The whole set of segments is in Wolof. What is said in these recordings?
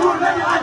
suur nañu añ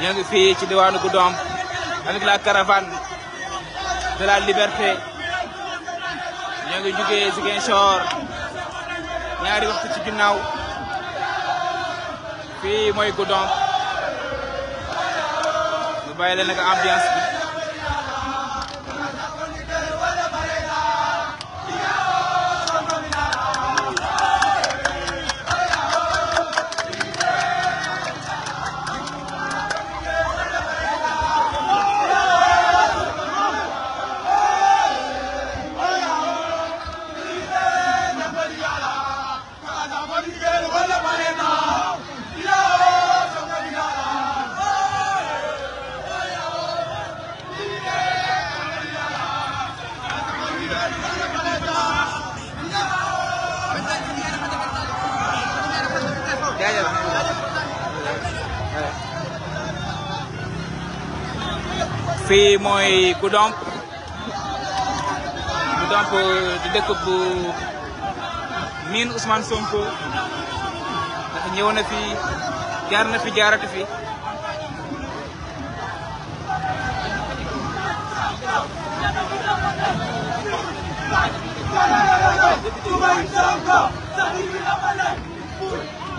ñoo ngi fi ci diwaanu Goudomp avec la caravane de la liberté ñoo ngi jugee Ziguinchor ñaari waxtu ci ginnaaw fii mooy Goudomp ñu bàyyi leen nag ambiance jaajëf fii mooy Goudomp Goudomp di bu miin Ousmane Sonko ndax ñëw na fi jaar fi jaaratu fi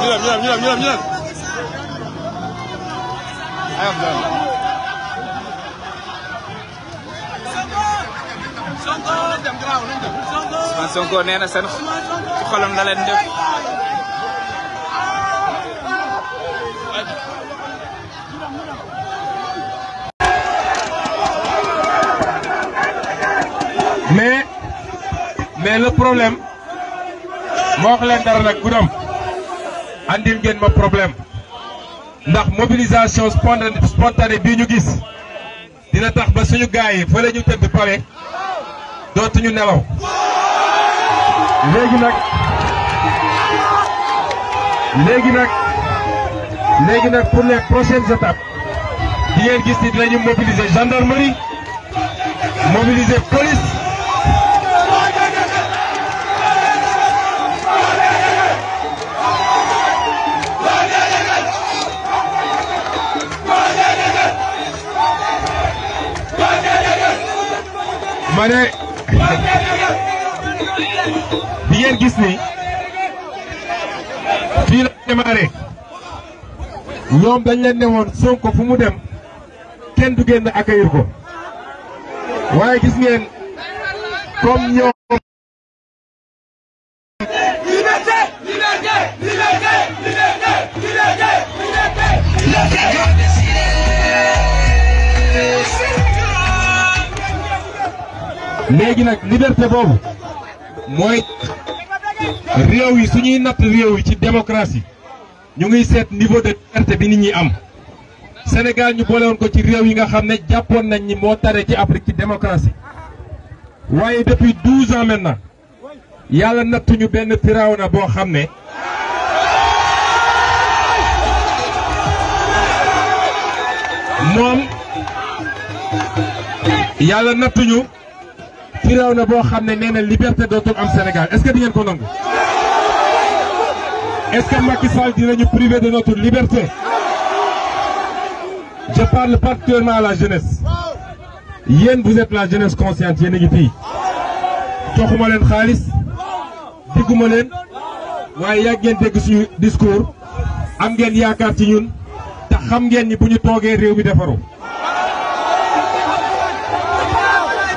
ñu dem la mais mais problème moo wax leen gudam andil ngeen ma problème ndax mobilisation spontanée bii ñu gis dina tax ba suñu gaay yi fële ñu tëdd pare dootuñu nelaw léegi nag léegi nag léegi nag pour les prochaines étapes di ngeen gis ni dinañu mobiliser gendarmerie mobiliser police ma ne di gis ni fii la démarré ñoom dañ leen ne woon Sonko fu mu dem kenn du génn accueillir ko waaye gis ngeen comme ñoom. léegi nag liberté boobu mooy réew yi su ñuy natt réew yi ci démocratie ñu ngi seet niveau de liberté bi nit ñi am Sénégal ñu boole ko ci réew yi nga xam ne jàppoon nañ ni moo tare ci Afrique ci démocratie waaye depuis douze ans maintenant yàlla nattuñu benn na boo xam ne moom yàlla nattuñu firaw na boo xam ne nee na liberté dootul am Sénégal est-ce que di ngeen ko nangu. est-ce que Macky Sall dinañu priver de notre liberté. je parle particulièrement à la jeunesse. yéen vous êtes la jeunesse consciente yéen a ngi fii. joxuma leen xaalis. digguma leen. waaye yàgg ngeen dégg suñu discours. am ngeen yaakaar ci ñun. te xam ngeen ni bu ñu toogee réew mi defaru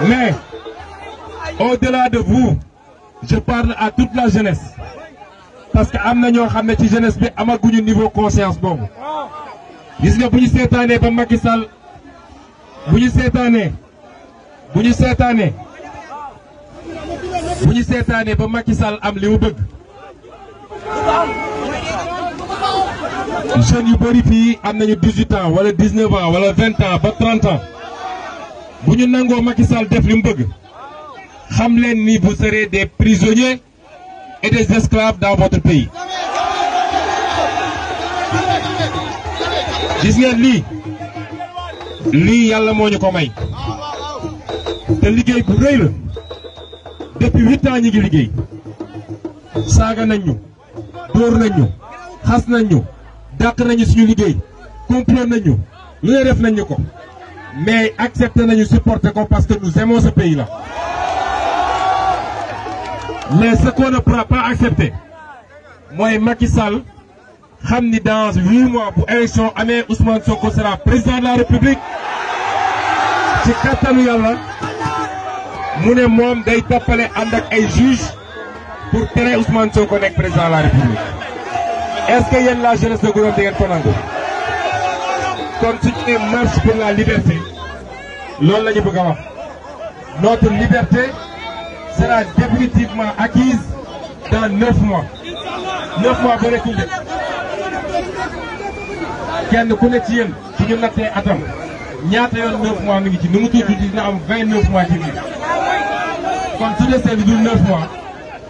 mais. au-delà de vous je parle à toute la jeunesse parce que am na ñoo xam ne ci jeunesse bi amaguñu niveau conscience boobu gis nga bu ñu seetaanee ba Macky Sall bu ñu seetaanee bu ñu seetaanee bu ñu seetaanee ba Macky sal am li mu bëgg jeunes yu bëri fii am nañu 18 ans wala 19 ans wala 20 ans ba trente ans bu ñu nangoo Macky sal def li mu bëgg xam leen ni bu serez des prisonniers et des esclaves daa votre pays gis ngeen lii lii yàlla moo ñu ko may te liggéey bu rëy la depuis huit ngi liggéey saaga nañ ñu dóor nañ ñu xas nañ ñu dàq nañu suñu liggéey complot nañ ñu lu ne def nañ ñu ko mais accepté nañu supporter ko parce que nous aimons ce pays là mais ce qu'on ne pourra pas accepter mooy Macky Sall xam ni dans huit mois bu élection amee Ousmane Sonko sera président de la République ci kattanu yàlla mu ne moom day toppale ànd ak ay juge pour tere Ousmane Sonko nekk président de la République est-ce que yéen la jeunesse de Goudomp di ngeen kon suñu marche pour la liberté loolu la ñu bëgg a wax liberté sera définitivement acquise dans neuf mois neuf mois ba nekkuñ de kenn ku ne ci yéen su ñu nattee atam ñaata yoon neuf mois mi ngi ci nu mu tuuti dina am vingt neuf mois ci biir kon su desee bi du neuf mois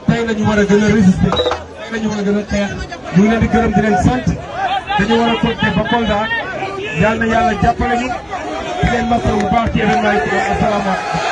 tey la war a gën a résister tey la ñu war a gën a xeex ñu ngi leen di gërëm di leen dañu war a continuer ba Kolda yal yàlla jàppale ñu di leen masal baax ci événement yi asalaamaaleykum